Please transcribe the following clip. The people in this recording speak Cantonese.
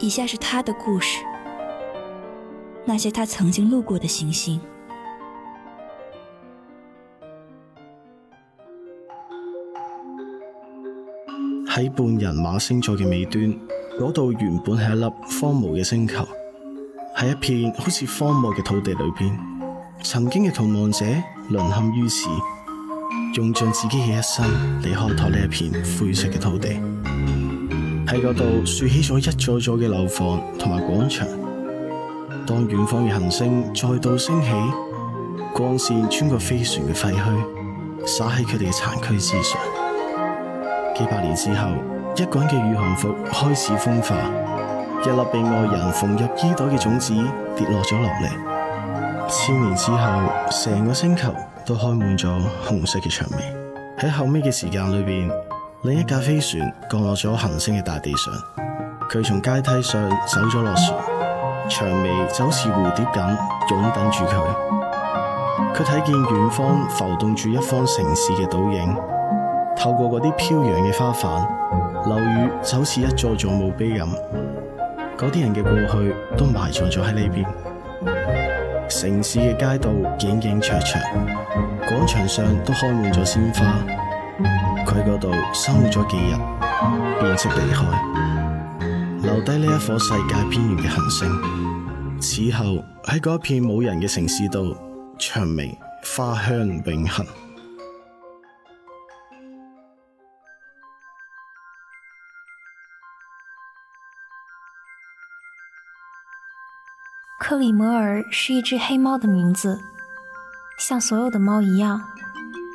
以下是他的故事，那些他曾經路過的行星，喺半人馬星座嘅尾端，嗰度原本係一粒荒蕪嘅星球，喺一片好似荒漠嘅土地裏邊，曾經嘅逃亡者淪陷於此，用盡自己嘅一生嚟開拓呢一片灰色嘅土地。喺嗰度豎起咗一座座嘅樓房同埋廣場。當遠方嘅行星再度升起，光線穿過飛船嘅廢墟，灑喺佢哋嘅殘軀之上。幾百年之後，一個人嘅宇航服開始風化，一粒被外人縫入衣袋嘅種子跌落咗落嚟。千年之後，成個星球都開滿咗紅色嘅薔薇。喺後尾嘅時間裏邊。另一架飛船降落咗行星嘅大地上，佢從階梯上走咗落船，長眉就好似蝴蝶咁擁等住佢。佢睇見遠方浮動住一方城市嘅倒影，透過嗰啲飄揚嘅花瓣，樓宇就好似一座座墓碑咁。嗰啲人嘅過去都埋藏咗喺呢邊。城市嘅街道影影綽綽，廣場上都開滿咗鮮花。佢嗰度生活咗幾日，便識離開，留低呢一顆世界邊緣嘅行星。此後喺嗰一片冇人嘅城市度，長鳴花香永恒。克里摩爾是一隻黑貓嘅名字，像所有嘅貓一樣。